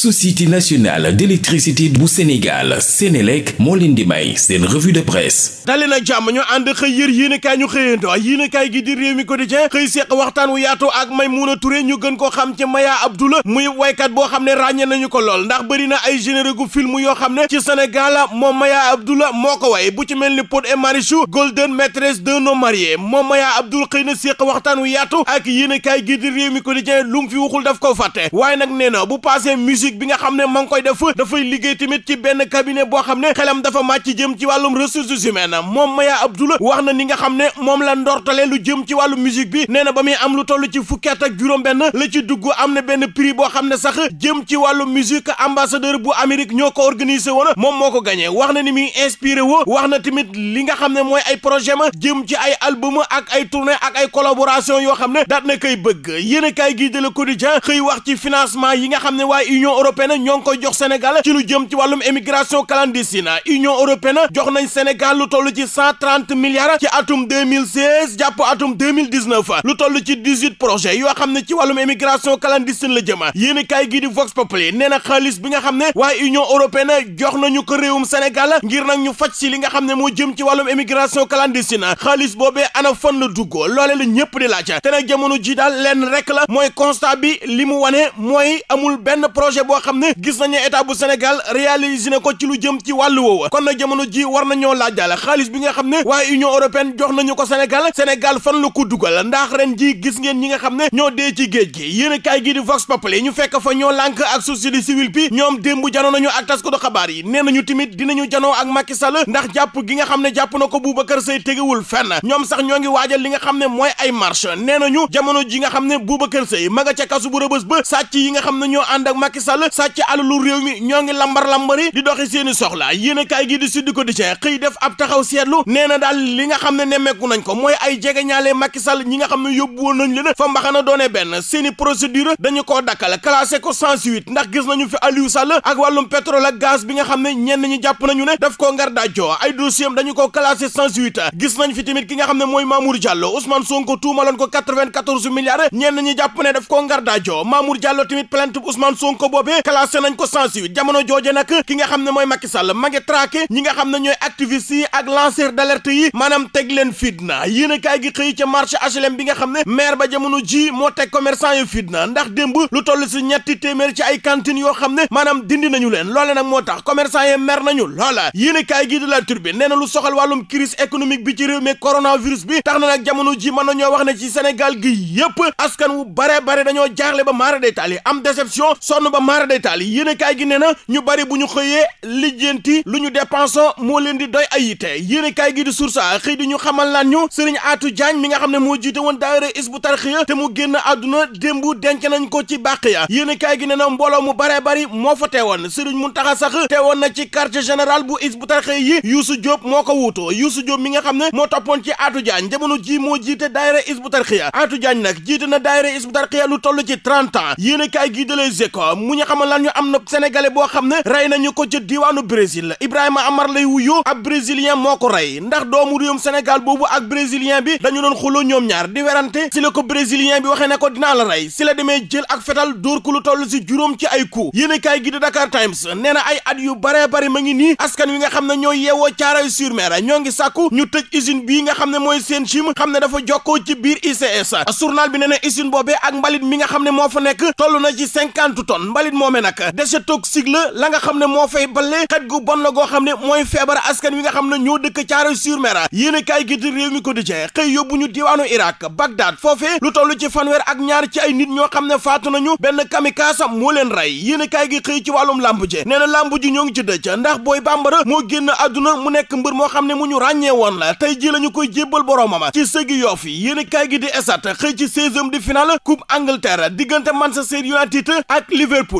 société nationale d'électricité bu Sénégal Sénélec moo leen di may seen revue de presse dali na jàmm ñu ànd xëy yër yéenekaay ñu xëyandoo yéenekaay gi di réew mi quotidien xëy seq waxtaan wu yaatu ak Maymouna Touré ñu gën koo xam ci Maya Abdoula muy waykat boo xam ne ràññee nañu ko lool ndax bëri na ay générique gu film yoo xam ne ci Sénégal moom Maya Abdoula moo ko way bu ci mel ni Pod et Marichou Golden maîtresse d'un homme marié moom Maya Abdoul xëy na waxtaan wu yaatu ak yéenekaay gi di réew mi quotidien lu ko fàtte bi nga xam ne ma ngi koy def dafay liggéey tamit ci benn cabinet boo xam ne xelam dafa màcc jëm ci wàllum ressources humaines moom Maya Abdoul wax na ni nga xam ne moom la ndortale lu jëm ci wàllu musique bi nee na ba muy am lu toll ci fukki at ak juróom-benn la ci dugg am na benn prix boo xam ne sax jëm ci wàllu musique ambassadeur bu Amérique ñoo ko organisé woon moom moo ko gañee wax na ni muy inspiré wo wax na tamit li nga xam ne mooy ay projet ma jëm ci ay album ak ay tournée ak ay collaboration yoo xam ne daat na koy bëgg yéen a kaay gii de Le Quotidien xëy wax ci financement yi nga xam ne waa européenne ñoo ngi koy jox Sénégal ci lu jëm ci wàllum émigration clandestine Union européenne jox nañ Sénégal lu toll ci cent trente milliards ci atum deux mille seize jàpp atum deux mille dix neuf lu toll ci dix huit projets yoo ne ci wàllum émigration clandestine la jëm yéen a kaay gii di Vox Populi nee na xaalis bi nga xam ne waa Union européenne jox nañu ko réewum ngir nag ñu faj si li nga xam ne moo jëm ci wàllum émigration clandestine xaalis boobee ana fan la duggoo loolee la ñëpp di laaj te nag jamono daal lenn rek la mooy constat bi li mu wane mooy amul benn projet boo xam ne gis nañu état bu Sénégal réalisé na ko ci lu jëm ci wàllu woowa kon nag jamono ji war nañoo laajale xaalis bi nga xam ne waaye Union européenne jox nañu ko Sénégal Sénégal fan la ko dugal ndax ren ji gis ngeen ñi nga xam ne ñoo dee ci géej gi yéen kaay gi di Vox Populi ñu fekk fa ñoo lànk ak société civile bi ñoom démb janoo nañu ak tas ko do xabaar yi nee nañu timit dinañu janoo ak Macky Sall ndax jàpp gi nga xam ne jàpp na ko Boubacar Seye tegewul fenn ñoom sax ñoo ngi waajal li nga xam ne mooy ay marche nee nañu jamono ji nga xam ne Boubacar Seye ma nga ca kasu bu rëbës ba sàcc yi nga xam ne ñoo ànd ak Macky Sall Sall sàcc alalu réew mi ñoo ngi lambar-lambari di doxi seeni soxla yéen a kaay gi di suddi ko di xëy def ab taxaw seetlu nee na daal li nga xam ne nemmeeku nañ ko mooy ay jegeñaale Macky Sall ñi nga xam ne yóbbu woon nañ leen fa mbaxana doone benn seeni procédure dañu koo dakkal classé ko sans ndax gis nañu fi Aliou Sall ak wàllum pétrole ak gaz bi nga xam ne ñenn ñi jàpp nañu ne daf koo ngar daajoo ay dossier dañu koo classé sans gis nañ fi ne mooy Mamour Diallo Ousmane Sonko tuumaloon ko 94 milliards ñenn ñi jàpp boobee classé nañ ko sans suite jamono jooje nag ki nga xam ne mooy Macky Sall ma ngi traqué ñi nga xam ne ñooy activistes yi ak lanceur d'alerte yi maanaam teg leen fitna yéen a kaay gi xëy ca marché HLM bi nga xam ne maire ba jamono ji moo teg commerçant yu fitna ndax démb lu toll si ñetti téeméer ci ay cantines yoo xam ne maanaam dindi nañu leen loole nag moo tax commerçant yi mer nañu loola yéen a kaay gi di la Tribune nee na lu soxal wàllum crise économique bi ci réew mi coronavirus bi na nag jamono ji mën nañoo wax ne ci Sénégal gi yépp askan wu bare bare dañoo jaaxle ba maara day taali am déception maar day taal yéen kaay gi nee na ñu bari bu ñu xëyee lijjanti lu ñu dépensons moo leen di doy ay yitte yéen kaay gi di source xëy di ñu xamal laan ñu sëriñ Atou Diagne mi nga xam ne moo jiite woon daayira Hizbut Tarqiyyah te mu génn àdduna démb denc nañ ko ci bàq ya yéen kaay gi ne na mbooloo mu baree bari moo fa teewoon sëriñ Mountakha sax woon na ci quartier général bu Hizbut Tarqiyyah yi Youssou Diop moo ko wuutoo Youssou Diop mi nga xam ne moo toppoon ci Atou Diagne jamono ji moo jiite daayira Hizbut Tarqiyyah Atou Diagne nag jiite na daayira Hizbut Tarqiyyah lu toll ci 30 ans yéen kaay gi de Les Échos xamal lan ñu am na sénégalais boo xam ne rey nañu ko ci diwaanu Brésil Ibrahima Amar lay wuyo ab brésilien moo ko rey ndax doomu réewum Sénégal boobu ak brésilien bi dañu doon xuloo ñoom ñaar di werante si la ko brésilien bi waxee ne ko dinaa la rey si la demee jël ak fetal dóor ko lu toll si juróom ci ay coup yéenekaay gi di Dakar Times nee na ay at yu baree bari ma ngi nii askan wi nga xam ne ñoo yeewoo caaray sur mer ñoo ngi sàkku ñu tëj usine bii nga xam ne mooy seen chim xam ne dafa jokkoo ci biir ICS journal bi nee na usine boobee ak mbalit mi nga xam ne moo fa nekk toll na ci cinquante tonnes mbalit mbalit moomee nag déchet la la nga xam ne moo fay balle xet gu bon la goo xam ne mooy feebar askan wi nga xam ne ñoo dëkk caare sur mer yéen a kaay gi di réew mi quotidien xëy yóbbu ñu diwaanu Irak Bagdad foofee lu toll ci fanweer ak ñaar ci ay nit ñoo xam ne faatu nañu benn kamikaze moo leen rey yéen a kaay gi xëy ci wàllum làmb ji nee na làmb ji ñoo ngi ci dëj ndax booy bambara moo génn àdduna mu nekk mbër moo xam ne mu ñu ràññee woon la tey jii la ñu koy jébbal boroomama ci sëgi yoof yi yéen a kaay gi di esat xëy ci seizième de finale coupe Angleterre diggante Manchester United ak Liverpool